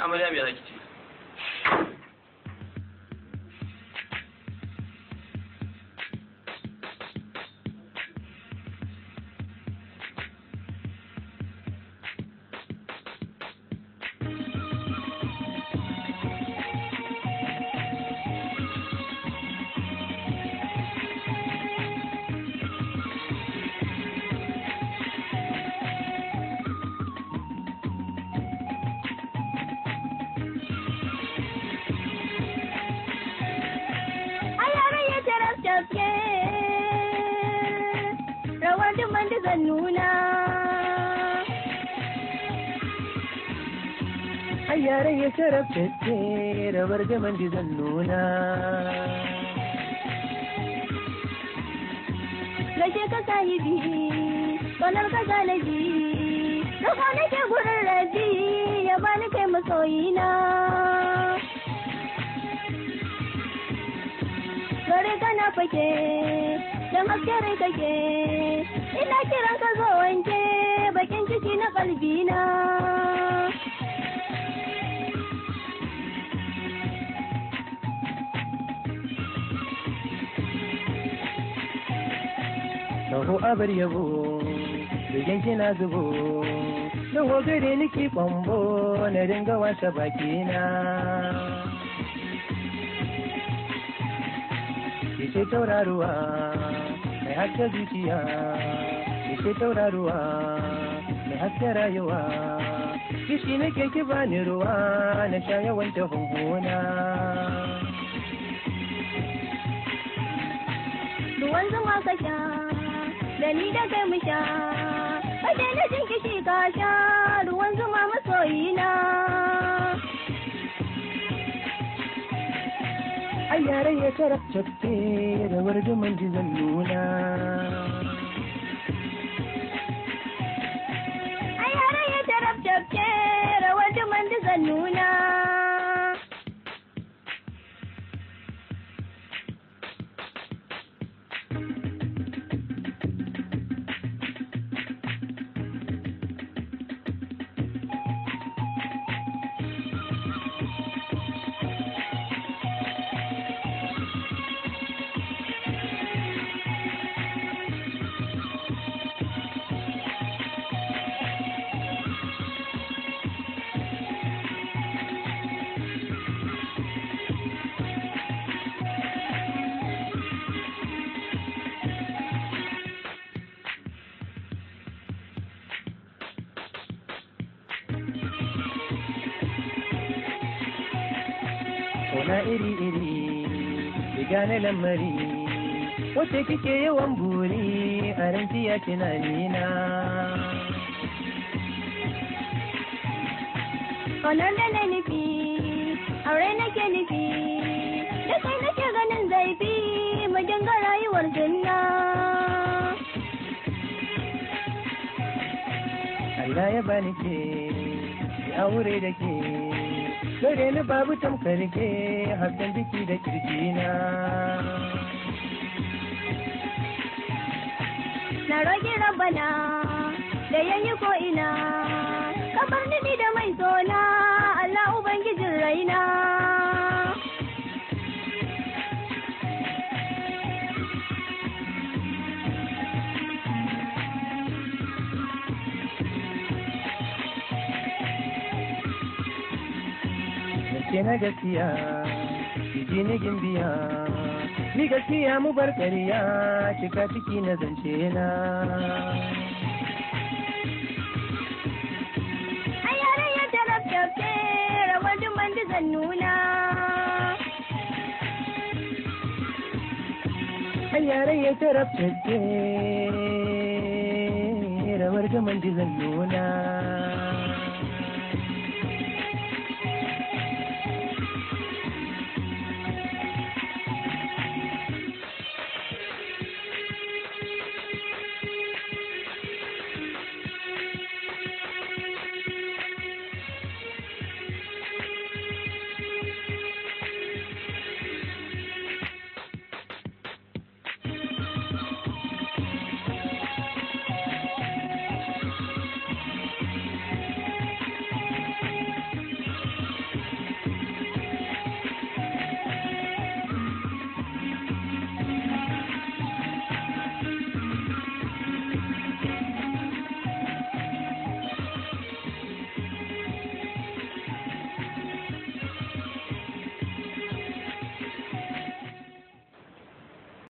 أمر أبي هذا كتير da zan nuna ai yaran ya sharafce da bargaman da zan nuna Lashe ka sahibi, kwanar ka galabi, da kwanake gurin rabi ya bani kai masoyina. Gare kana fake, da maskere kake, kiran ka zo wanke bakin ciki na kalbina Doho abar yabo, bigin kina zubo, doho gare niki kwambo na dinga wasa bakina. Ki ce tauraruwa, mai haka zuciya, Ishe tauraruwa mai haske rayuwa kishi ne ke ki bani ruwa na sha yawan ta hungona. Ruwan zuma ka sha da ni da kai mu sha kake na jin kishi ka sha ruwan zuma masoyina. Ai yare ya tarar da rawar duman jizan nuna. Na iri-iri ki gane lamari wace kike yawan buri a rantiya tunanina Kwanar da na nufi, aure nake nufi, da kai nake ganin zaifi magin ga rayuwar janna. Allah ya bani ke, ya aure da ke, gare ni babu tamkarke hasken biki da kirjina na Na roƙi rabana da yanyi ko ina ce na gaskiya ciki ni gimbiya, ni gaskiya mu bar ƙarya cika ciki na zance na a yare ya taraf rawar duman da nuna a yare ya taraf rawar duman da nuna